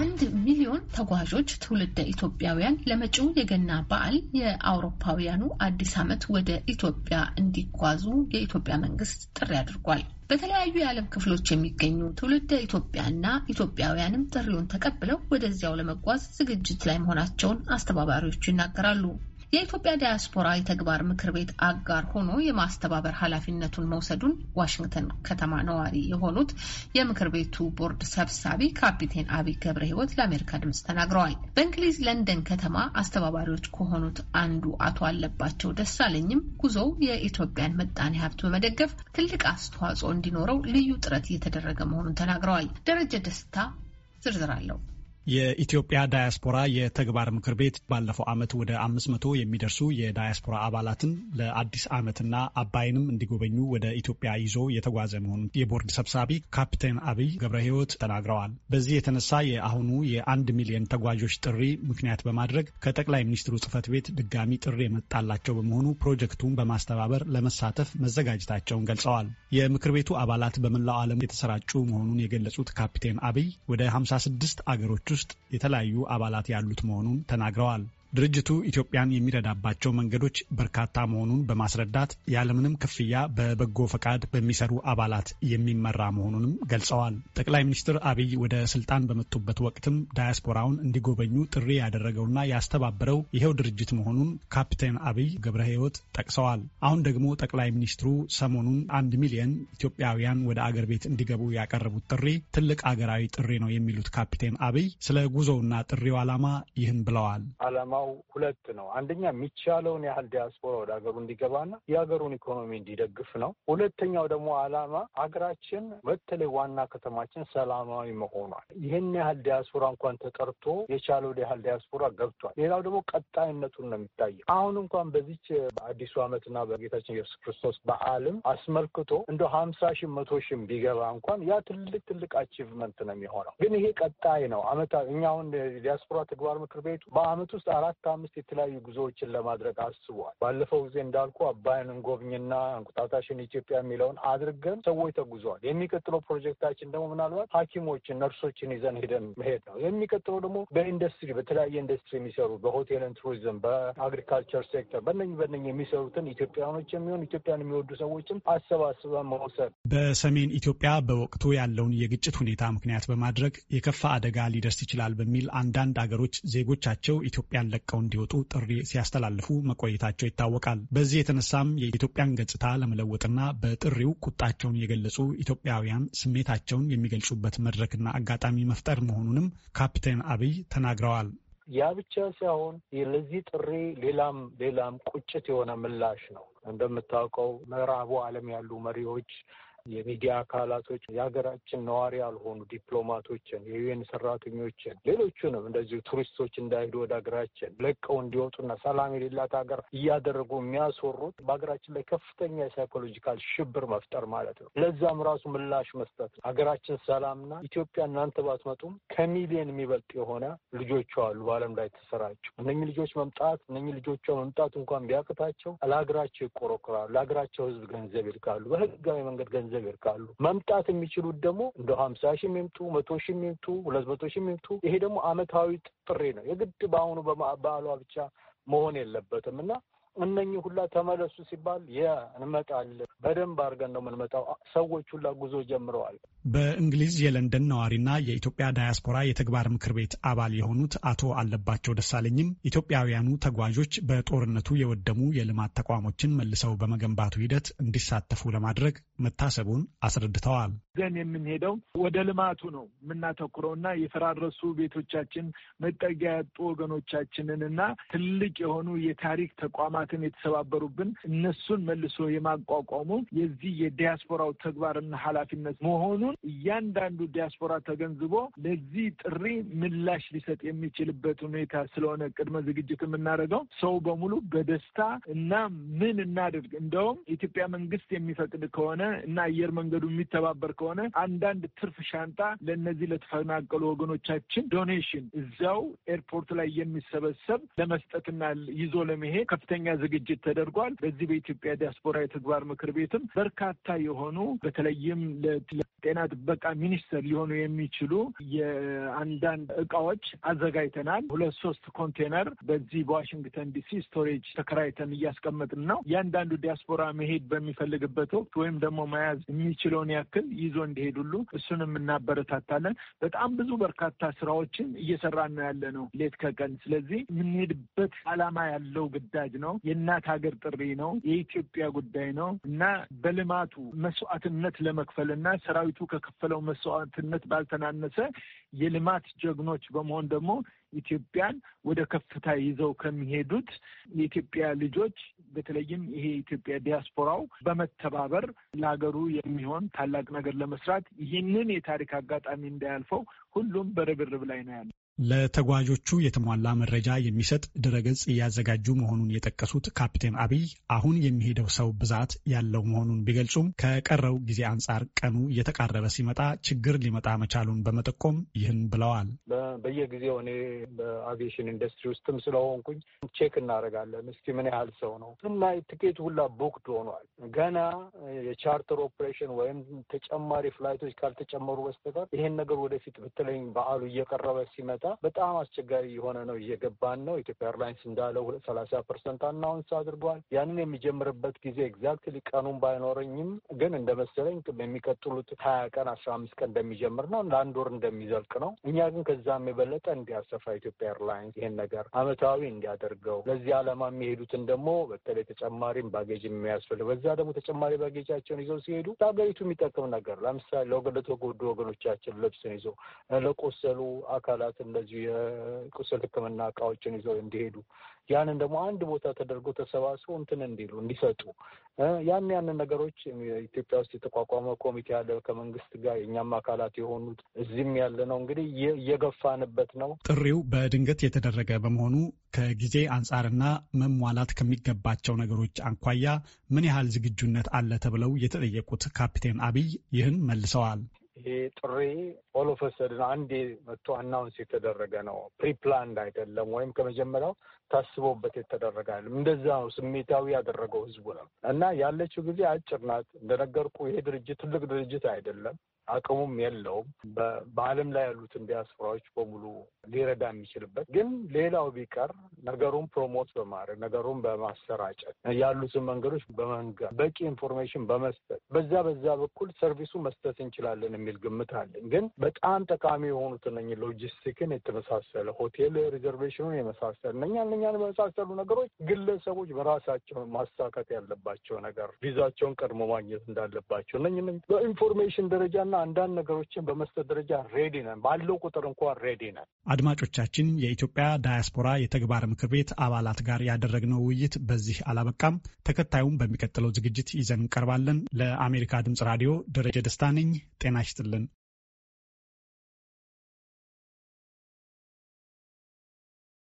አንድ ሚሊዮን ተጓዦች ትውልደ ኢትዮጵያውያን ለመጪው የገና በዓል የአውሮፓውያኑ አዲስ ዓመት ወደ ኢትዮጵያ እንዲጓዙ የኢትዮጵያ መንግስት ጥሪ አድርጓል። በተለያዩ የዓለም ክፍሎች የሚገኙ ትውልደ ኢትዮጵያና ኢትዮጵያውያንም ጥሪውን ተቀብለው ወደዚያው ለመጓዝ ዝግጅት ላይ መሆናቸውን አስተባባሪዎቹ ይናገራሉ። የኢትዮጵያ ዲያስፖራ የተግባር ምክር ቤት አጋር ሆኖ የማስተባበር ኃላፊነቱን መውሰዱን ዋሽንግተን ከተማ ነዋሪ የሆኑት የምክር ቤቱ ቦርድ ሰብሳቢ ካፒቴን አብይ ገብረ ሕይወት ለአሜሪካ ድምጽ ተናግረዋል። በእንግሊዝ ለንደን ከተማ አስተባባሪዎች ከሆኑት አንዱ አቶ አለባቸው ደሳለኝም ጉዞው የኢትዮጵያን መጣኔ ሀብት በመደገፍ ትልቅ አስተዋጽኦ እንዲኖረው ልዩ ጥረት እየተደረገ መሆኑን ተናግረዋል። ደረጀ ደስታ ዝርዝር አለው። የኢትዮጵያ ዳያስፖራ የተግባር ምክር ቤት ባለፈው ዓመት ወደ አምስት መቶ የሚደርሱ የዳያስፖራ አባላትን ለአዲስ ዓመትና አባይንም እንዲጎበኙ ወደ ኢትዮጵያ ይዞ የተጓዘ መሆኑን የቦርድ ሰብሳቢ ካፕቴን አብይ ገብረ ሕይወት ተናግረዋል። በዚህ የተነሳ የአሁኑ የአንድ ሚሊዮን ተጓዦች ጥሪ ምክንያት በማድረግ ከጠቅላይ ሚኒስትሩ ጽህፈት ቤት ድጋሚ ጥሪ የመጣላቸው በመሆኑ ፕሮጀክቱን በማስተባበር ለመሳተፍ መዘጋጀታቸውን ገልጸዋል። የምክር ቤቱ አባላት በመላው ዓለም የተሰራጩ መሆኑን የገለጹት ካፕቴን አብይ ወደ 56 አገሮች ውስጥ የተለያዩ አባላት ያሉት መሆኑን ተናግረዋል። ድርጅቱ ኢትዮጵያን የሚረዳባቸው መንገዶች በርካታ መሆኑን በማስረዳት ያለምንም ክፍያ በበጎ ፈቃድ በሚሰሩ አባላት የሚመራ መሆኑንም ገልጸዋል። ጠቅላይ ሚኒስትር አብይ ወደ ስልጣን በመጡበት ወቅትም ዳያስፖራውን እንዲጎበኙ ጥሪ ያደረገውና ያስተባበረው ይኸው ድርጅት መሆኑን ካፕቴን አብይ ገብረ ሕይወት ጠቅሰዋል። አሁን ደግሞ ጠቅላይ ሚኒስትሩ ሰሞኑን አንድ ሚሊየን ኢትዮጵያውያን ወደ አገር ቤት እንዲገቡ ያቀረቡት ጥሪ ትልቅ አገራዊ ጥሪ ነው የሚሉት ካፕቴን አብይ ስለ ጉዞውና ጥሪው ዓላማ ይህን ብለዋል። ዓላማው ሁለት ነው። አንደኛ የሚቻለውን ያህል ዲያስፖራ ወደ ሀገሩ እንዲገባና የሀገሩን ኢኮኖሚ እንዲደግፍ ነው። ሁለተኛው ደግሞ ዓላማ ሀገራችን በተለይ ዋና ከተማችን ሰላማዊ መሆኗል። ይህን ያህል ዲያስፖራ እንኳን ተጠርቶ የቻለው ያህል ዲያስፖራ ገብቷል። ሌላው ደግሞ ቀጣይነቱን ነው የሚታየው። አሁን እንኳን በዚች በአዲሱ ዓመትና በጌታችን ኢየሱስ ክርስቶስ በዓልም አስመልክቶ እንደ ሀምሳ ሺህ መቶ ሺህም ቢገባ እንኳን ያ ትልቅ ትልቅ አቺቭመንት ነው የሚሆነው። ግን ይሄ ቀጣይ ነው። አመታ እኛ አሁን ዲያስፖራ ተግባር ምክር ቤቱ በአመት ውስጥ አራት አራት አምስት የተለያዩ ጉዞዎችን ለማድረግ አስቧል። ባለፈው ጊዜ እንዳልኩ አባይን እንጎብኝና እንቁጣጣሽን ኢትዮጵያ የሚለውን አድርገን ሰዎች ተጉዘዋል። የሚቀጥለው ፕሮጀክታችን ደግሞ ምናልባት ሐኪሞችን ነርሶችን ይዘን ሄደን መሄድ ነው። የሚቀጥለው ደግሞ በኢንዱስትሪ በተለያየ ኢንዱስትሪ የሚሰሩ በሆቴልን ቱሪዝም፣ በአግሪካልቸር ሴክተር በነኝ በነኝ የሚሰሩትን ኢትዮጵያኖች የሚሆን ኢትዮጵያን የሚወዱ ሰዎችን አሰባስበን መውሰድ በሰሜን ኢትዮጵያ በወቅቱ ያለውን የግጭት ሁኔታ ምክንያት በማድረግ የከፋ አደጋ ሊደርስ ይችላል በሚል አንዳንድ አገሮች ዜጎቻቸው ኢትዮጵያን ለቀው እንዲወጡ ጥሪ ሲያስተላልፉ መቆየታቸው ይታወቃል። በዚህ የተነሳም የኢትዮጵያን ገጽታ ለመለወጥና በጥሪው ቁጣቸውን የገለጹ ኢትዮጵያውያን ስሜታቸውን የሚገልጹበት መድረክና አጋጣሚ መፍጠር መሆኑንም ካፕቴን አብይ ተናግረዋል። ያ ብቻ ሳይሆን ለዚህ ጥሪ ሌላም ሌላም ቁጭት የሆነ ምላሽ ነው። እንደምታውቀው ምዕራቡ ዓለም ያሉ መሪዎች የሚዲያ አካላቶች፣ የሀገራችን ነዋሪ ያልሆኑ ዲፕሎማቶችን፣ የዩኤን ሰራተኞችን፣ ሌሎቹንም እንደዚሁ ቱሪስቶች እንዳይሄዱ ወደ ሀገራችን ለቀው እንዲወጡና ሰላም የሌላት ሀገር እያደረጉ የሚያስወሩት በሀገራችን ላይ ከፍተኛ የሳይኮሎጂካል ሽብር መፍጠር ማለት ነው። ለዛም ራሱ ምላሽ መስጠት ነው። ሀገራችን ሰላምና ኢትዮጵያ እናንተ ባትመጡም ከሚሊየን የሚበልጥ የሆነ ልጆቿ አሉ በዓለም ላይ ተሰራቸው እነኚህ ልጆች መምጣት እነኚህ ልጆቿ መምጣት እንኳን ቢያቅታቸው ለሀገራቸው ይቆረቆራሉ። ለሀገራቸው ህዝብ ገንዘብ ይልካሉ። በህጋዊ መንገድ ገንዘብ ነገር ካሉ መምጣት የሚችሉት ደግሞ እንደ ሀምሳ ሺህ የሚምጡ መቶ ሺህ የሚምጡ ሁለት መቶ ሺህ የሚምጡ ይሄ ደግሞ አመታዊ ጥሪ ነው። የግድ በአሁኑ በዓሏ ብቻ መሆን የለበትም እና እነኚህ ሁላ ተመለሱ ሲባል ያ በደንብ አድርገን ነው የምንመጣው። ሰዎች ሁላ ጉዞ ጀምረዋል። በእንግሊዝ የለንደን ነዋሪና የኢትዮጵያ ዳያስፖራ የተግባር ምክር ቤት አባል የሆኑት አቶ አለባቸው ደሳለኝም ኢትዮጵያውያኑ ተጓዦች በጦርነቱ የወደሙ የልማት ተቋሞችን መልሰው በመገንባቱ ሂደት እንዲሳተፉ ለማድረግ መታሰቡን አስረድተዋል። ዘን የምንሄደው ወደ ልማቱ ነው የምናተኩረው እና የፈራረሱ ቤቶቻችን መጠጊያ ያጡ ወገኖቻችንን እና ትልቅ የሆኑ የታሪክ ተቋማትን የተሰባበሩብን እነሱን መልሶ የማቋቋሙ የዚህ የዲያስፖራው ተግባርና ኃላፊነት መሆኑ መሆኑን እያንዳንዱ ዲያስፖራ ተገንዝቦ ለዚህ ጥሪ ምላሽ ሊሰጥ የሚችልበት ሁኔታ ስለሆነ ቅድመ ዝግጅት የምናደርገው ሰው በሙሉ በደስታ እና ምን እናድርግ እንደውም የኢትዮጵያ መንግስት የሚፈቅድ ከሆነ እና አየር መንገዱ የሚተባበር ከሆነ አንዳንድ ትርፍ ሻንጣ ለእነዚህ ለተፈናቀሉ ወገኖቻችን ዶኔሽን እዛው ኤርፖርት ላይ የሚሰበሰብ ለመስጠትና ይዞ ለመሄድ ከፍተኛ ዝግጅት ተደርጓል። በዚህ በኢትዮጵያ ዲያስፖራ የተግባር ምክር ቤትም በርካታ የሆኑ በተለይም ለጤና ጤና ጥበቃ ሚኒስቴር ሊሆኑ የሚችሉ የአንዳንድ እቃዎች አዘጋጅተናል። ሁለት ሶስት ኮንቴነር በዚህ በዋሽንግተን ዲሲ ስቶሬጅ ተከራይተን እያስቀመጥን ነው። እያንዳንዱ ዲያስፖራ መሄድ በሚፈልግበት ወቅት ወይም ደግሞ መያዝ የሚችለውን ያክል ይዞ እንዲሄድ ሁሉ እሱንም እናበረታታለን። በጣም ብዙ በርካታ ስራዎችን እየሰራን ነው ያለ ነው ሌት ከቀን። ስለዚህ የምንሄድበት አላማ ያለው ግዳጅ ነው። የእናት ሀገር ጥሪ ነው። የኢትዮጵያ ጉዳይ ነው እና በልማቱ መስዋዕትነት ለመክፈል እና ሰራዊቱ ከከፈለው መስዋዕትነት ባልተናነሰ የልማት ጀግኖች በመሆን ደግሞ ኢትዮጵያን ወደ ከፍታ ይዘው ከሚሄዱት የኢትዮጵያ ልጆች በተለይም ይሄ የኢትዮጵያ ዲያስፖራው በመተባበር ለሀገሩ የሚሆን ታላቅ ነገር ለመስራት ይህንን የታሪክ አጋጣሚ እንዳያልፈው ሁሉም በርብርብ ላይ ነው ያለ። ለተጓዦቹ የተሟላ መረጃ የሚሰጥ ድረገጽ እያዘጋጁ መሆኑን የጠቀሱት ካፕቴን አብይ አሁን የሚሄደው ሰው ብዛት ያለው መሆኑን ቢገልጹም ከቀረው ጊዜ አንጻር ቀኑ እየተቃረበ ሲመጣ ችግር ሊመጣ መቻሉን በመጠቆም ይህን ብለዋል። በየጊዜው እኔ በአቪዬሽን ኢንዱስትሪ ውስጥም ስለሆንኩኝ ቼክ እናደርጋለን። እስቲ ምን ያህል ሰው ነው ላይ ትኬት ሁላ ቦክድ ሆኗል። ገና የቻርተር ኦፕሬሽን ወይም ተጨማሪ ፍላይቶች ካልተጨመሩ በስተቀር ይሄን ነገር ወደፊት ብትለኝ በዓሉ እየቀረበ ሲመጣ ግንባታ በጣም አስቸጋሪ የሆነ ነው እየገባን ነው። ኢትዮጵያ ኤርላይንስ እንዳለው ሰላሳ ፐርሰንት አናውንስ አድርጓል። ያንን የሚጀምርበት ጊዜ ኤግዛክትሊ ቀኑን ባይኖረኝም ግን እንደመሰለኝ የሚቀጥሉት ሀያ ቀን አስራ አምስት ቀን እንደሚጀምር ነው ለአንድ ወር እንደሚዘልቅ ነው። እኛ ግን ከዛም የበለጠ እንዲያሰፋ ኢትዮጵያ ኤርላይንስ ይህን ነገር አመታዊ እንዲያደርገው ለዚህ ዓላማ የሚሄዱትን ደግሞ በተለይ ተጨማሪም ባጌጅ የሚያስፈልግ በዛ ደግሞ ተጨማሪ ባጌጃቸውን ይዘው ሲሄዱ ለሀገሪቱ የሚጠቅም ነገር ለምሳሌ ለተጎዱ ወገኖቻችን ልብስን ይዞ ለቆሰሉ አካላትን እንደዚህ የቁስል ሕክምና እቃዎችን ይዘው እንዲሄዱ ያንን ደግሞ አንድ ቦታ ተደርጎ ተሰባስቦ እንትን እንዲሉ እንዲሰጡ ያን ያንን ነገሮች ኢትዮጵያ ውስጥ የተቋቋመ ኮሚቴ አለ ከመንግስት ጋር የእኛም አካላት የሆኑት እዚህም ያለ ነው እንግዲህ እየገፋንበት ነው። ጥሪው በድንገት የተደረገ በመሆኑ ከጊዜ አንጻርና መሟላት ከሚገባቸው ነገሮች አንኳያ ምን ያህል ዝግጁነት አለ ተብለው የተጠየቁት ካፕቴን አብይ ይህን መልሰዋል። ይሄ ጥሪ ኦሎፈሰድን አንዴ መጥቶ አናውንስ የተደረገ ነው። ፕሪፕላንድ አይደለም፣ ወይም ከመጀመሪያው ታስቦበት የተደረገ አይደለም። እንደዛ ነው ስሜታዊ ያደረገው ህዝቡ ነው እና ያለችው ጊዜ አጭር ናት። እንደነገርኩ ይሄ ድርጅት ትልቅ ድርጅት አይደለም። አቅሙም የለውም። በዓለም ላይ ያሉትን ዲያስፖራዎች በሙሉ ሊረዳ የሚችልበት ግን ሌላው ቢቀር ነገሩን ፕሮሞት በማድረግ ነገሩን በማሰራጨት ያሉትን መንገዶች በመንገር በቂ ኢንፎርሜሽን በመስጠት በዛ በዛ በኩል ሰርቪሱ መስጠት እንችላለን የሚል ግምት አለኝ። ግን በጣም ጠቃሚ የሆኑት እነ ሎጂስቲክን የተመሳሰለ ሆቴል ሪዘርቬሽኑን የመሳሰል እነኛ እነኛን የመሳሰሉ ነገሮች ግለሰቦች በራሳቸው ማሳካት ያለባቸው ነገር ቪዛቸውን ቀድሞ ማግኘት እንዳለባቸው እነ በኢንፎርሜሽን ደረጃና አንዳንድ ነገሮችን በመስጠት ደረጃ ሬዲ ነን። ባለው ቁጥር እንኳ ሬዲ ነን። አድማጮቻችን፣ የኢትዮጵያ ዳያስፖራ የተግባር ምክር ቤት አባላት ጋር ያደረግነው ውይይት በዚህ አላበቃም። ተከታዩም በሚቀጥለው ዝግጅት ይዘን እንቀርባለን። ለአሜሪካ ድምጽ ራዲዮ ደረጀ ደስታ ነኝ። ጤና ይስጥልን።